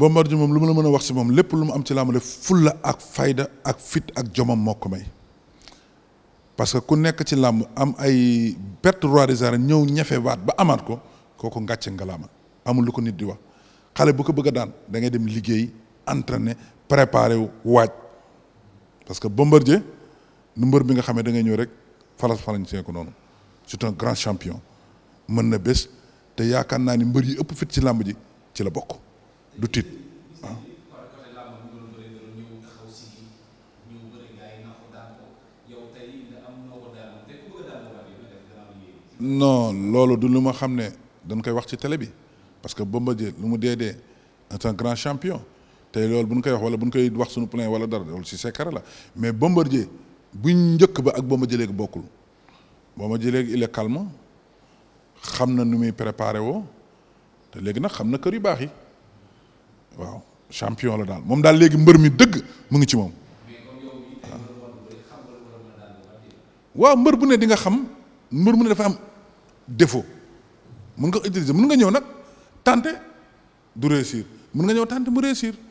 Bombardier moom lu ma la mën a wax si moom lépp lu mu am ci làmb la fulla ak fayda ak fit ak jomam moo ko may parce que ku nekk ci làmb am ay perte roi des arènes ñëw ñafe waat ba amaat ko kooku ngàcce ngalaama amul lu ko nit di wax xale bu ko bëgg a daan da ngay dem liggéey entraîner préparer wu waaj parce que Bombardier nu mbër bi nga xamee da ñëw rek faras farañ see ko noonu c'est un grand champion mën na bés te yaakaar naa ni mbër yi ëpp fit ci làmb ji ci la bokk du tiit non loolu du lu ma xam ne dañ koy wax ci tele bi parce que Bombardier lu mu dee dee c'est un grand champion te loolu bu ñu koy wax wala bu ñu koy wax suñu plein wala dara loolu si sekkara la mais Bombardier bu njëkk ba ak Bombardier léegi bokkul Bombardier léegi il est xam na nu muy préparé woo te léegi nag xam na kër yu baax yi waaw champion la daal moom daal léegi mbër mi dëgg mu ngi ci moom. waaw mbër bu ne di nga xam mbër bu ne dafa am défaut mën nga utiliser mun nga ñëw nag tenter du réussir mun nga ñëw tenter mu réussir.